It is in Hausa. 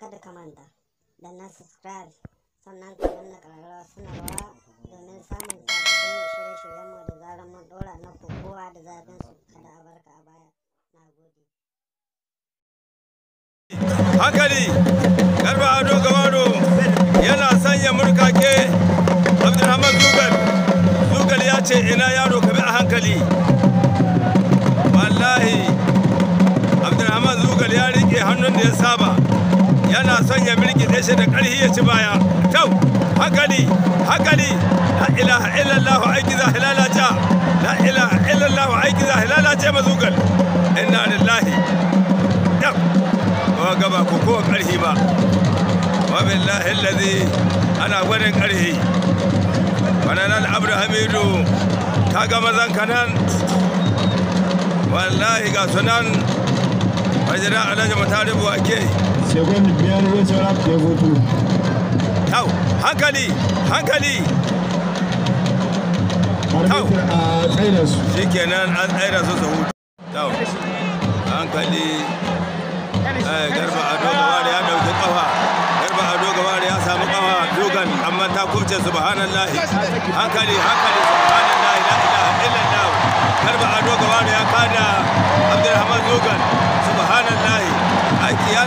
ka da ka da na subscribe sannan ka danna ƙararrawa sanarwa domin samun sababbin shirye-shiryenmu da zarar mun dora na kowa da zafin su kada a barka a baya na gode hankali garba ado gabado yana sanya murkake abdulhamad dugal dugal ya ce ina yaro ka bi a hankali wallahi abdulhamad dugal ya riƙe hannun da ya saba son ya mirgide shi da ƙarfi ya ci baya tau hakali hakali la ilaha illallah aiki za hilalace la ilaha illallah aiki za hilalace mazugal inna lillahi yau ba gaba ko kowa ƙarfi ba wa billahi allazi ana gwanin ƙarfi wannan abdu hamidu ka ga mazan kanan wallahi ga sunan jira alhaji mataribu ake ya hutu tau hankali hankali tau shi tau hankali eh, garba ado gaba ya dauki kafa garba ado gaba ya samu kafa dogon amma ta kubce subhanallahi hankali hankali subhanallahi la ilaha illallah